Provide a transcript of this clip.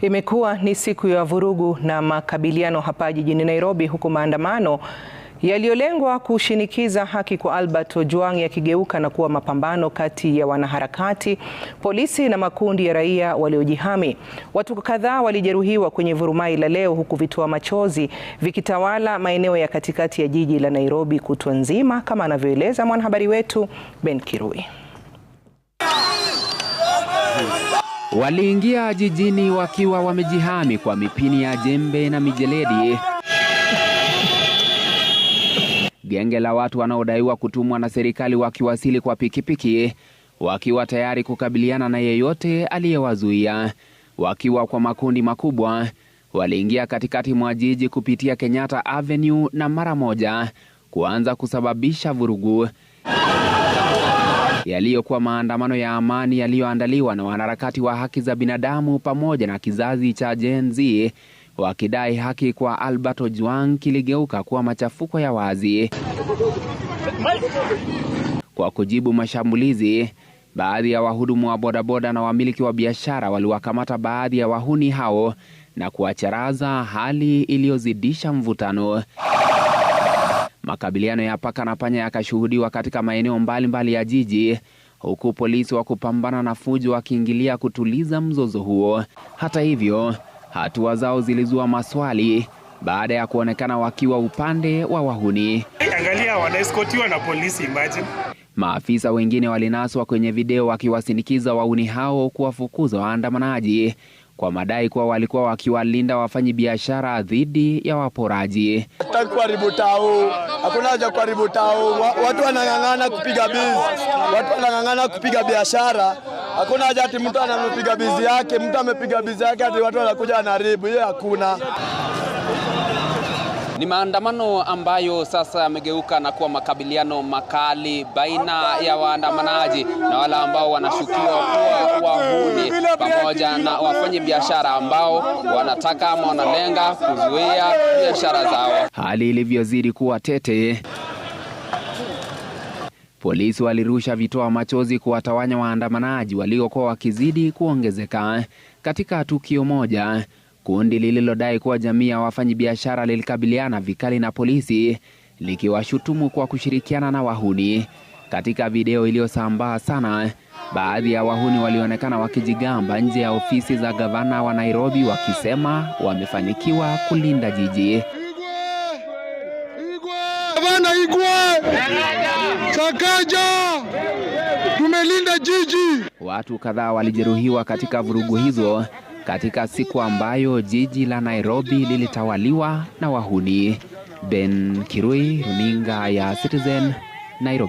Imekuwa ni siku ya vurugu na makabiliano hapa jijini Nairobi, huku maandamano yaliyolengwa kushinikiza haki kwa Albert Ojwang yakigeuka na kuwa mapambano kati ya wanaharakati, polisi na makundi ya raia waliojihami. Watu kadhaa walijeruhiwa kwenye vurumai la leo, huku vitoa machozi vikitawala maeneo ya katikati ya jiji la Nairobi kutwa nzima, kama anavyoeleza mwanahabari wetu Ben Kirui. Waliingia jijini wakiwa wamejihami kwa mipini ya jembe na mijeledi. Genge la watu wanaodaiwa kutumwa na serikali wakiwasili kwa pikipiki wakiwa tayari kukabiliana na yeyote aliyewazuia. Wakiwa kwa makundi makubwa, waliingia katikati mwa jiji kupitia Kenyatta Avenue na mara moja kuanza kusababisha vurugu yaliyokuwa maandamano ya amani yaliyoandaliwa na wanaharakati wa haki za binadamu pamoja na kizazi cha Gen Z wakidai haki kwa Albert Ojwang kiligeuka kuwa machafuko ya wazi. Kwa kujibu mashambulizi, baadhi ya wahudumu wa bodaboda na wamiliki wa biashara waliwakamata baadhi ya wahuni hao na kuwacharaza, hali iliyozidisha mvutano. Makabiliano ya paka na panya yakashuhudiwa katika maeneo mbalimbali ya jiji huku polisi wa kupambana na fujo wakiingilia kutuliza mzozo huo. Hata hivyo, hatua zao zilizua maswali baada ya kuonekana wakiwa upande wa wahuni. Angalia, wanaeskotiwa na polisi, imagine. Maafisa wengine walinaswa kwenye video wakiwasindikiza wahuni hao kuwafukuza waandamanaji kwa madai kuwa walikuwa wakiwalinda wafanyi biashara dhidi ya waporaji. Hatutaki kuharibu tao, hakuna haja kuharibu tao. Watu wanang'ang'ana kupiga bizi, watu wanang'ang'ana kupiga biashara. Hakuna haja ati mtu anamepiga bizi yake, mtu amepiga bizi yake ati watu wanakuja wanaharibu. Hiyo hakuna. Ni maandamano ambayo sasa yamegeuka na kuwa makabiliano makali baina ya waandamanaji na wale ambao wanashukiwa kuwa wahuni pamoja na wafanye biashara ambao wanataka ama wanalenga kuzuia biashara zao. Hali ilivyozidi kuwa tete, polisi walirusha vitoa machozi kuwatawanya waandamanaji waliokuwa wakizidi kuongezeka. Katika tukio moja Kundi lililodai kuwa jamii ya wafanyabiashara lilikabiliana vikali na polisi likiwashutumu kwa kushirikiana na wahuni. Katika video iliyosambaa sana, baadhi ya wahuni walionekana wakijigamba nje ya ofisi za gavana wa Nairobi wakisema wamefanikiwa kulinda jiji. Gavana Igwe, Sakaja, tumelinda jiji. Watu kadhaa walijeruhiwa katika vurugu hizo katika siku ambayo jiji la Nairobi lilitawaliwa na wahuni. Ben Kirui, runinga ya Citizen, Nairobi.